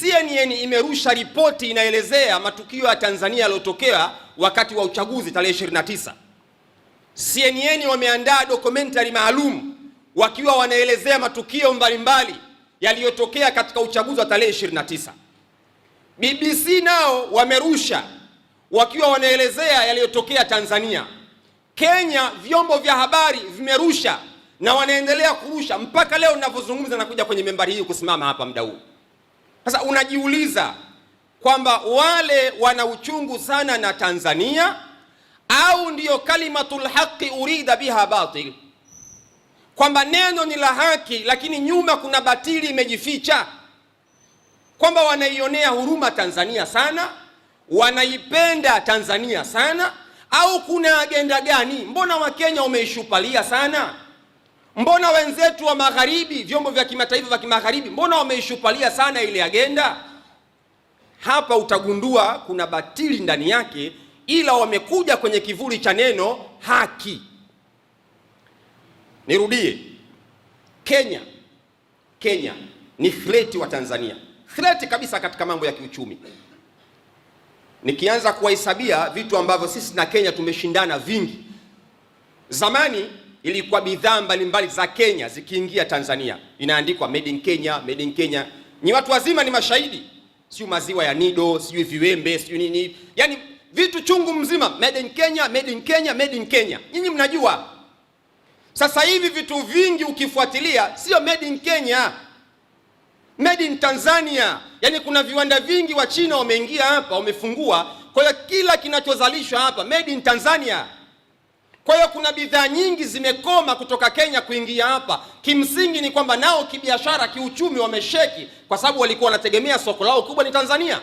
CNN imerusha ripoti inaelezea matukio ya Tanzania yaliyotokea wakati wa uchaguzi tarehe 29. CNN wameandaa documentary maalum wakiwa wanaelezea matukio mbalimbali yaliyotokea katika uchaguzi wa tarehe 29. BBC nao wamerusha wakiwa wanaelezea yaliyotokea Tanzania. Kenya, vyombo vya habari vimerusha na wanaendelea kurusha mpaka leo ninavyozungumza, nakuja kwenye membari hii kusimama hapa muda huu. Sasa unajiuliza kwamba wale wana uchungu sana na Tanzania au ndiyo kalimatul haqi urida biha batil, kwamba neno ni la haki lakini nyuma kuna batili imejificha, kwamba wanaionea huruma Tanzania sana, wanaipenda Tanzania sana, au kuna agenda gani? Mbona Wakenya umeishupalia sana? Mbona wenzetu wa magharibi, vyombo vya kimataifa vya kimagharibi, mbona wameishupalia sana ile agenda? Hapa utagundua kuna batili ndani yake, ila wamekuja kwenye kivuli cha neno haki. Nirudie, Kenya, Kenya ni threat wa Tanzania, threat kabisa katika mambo ya kiuchumi. Nikianza kuwahesabia vitu ambavyo sisi na Kenya tumeshindana vingi zamani ilikuwa bidhaa mbalimbali za Kenya zikiingia Tanzania inaandikwa made in Kenya, made in Kenya. Ni watu wazima, ni mashahidi, sio maziwa ya nido, sio viwembe, sio nini, yani vitu chungu mzima, made in Kenya, made in Kenya, made in Kenya. Nyinyi mnajua sasa hivi vitu vingi ukifuatilia, sio made in Kenya, made in Tanzania. Yani kuna viwanda vingi wa China wameingia hapa, wamefungua. Kwa hiyo kila kinachozalishwa hapa made in Tanzania. Kwa hiyo kuna bidhaa nyingi zimekoma kutoka Kenya kuingia hapa. Kimsingi ni kwamba nao kibiashara, kiuchumi wamesheki, kwa sababu walikuwa wanategemea soko lao kubwa ni Tanzania.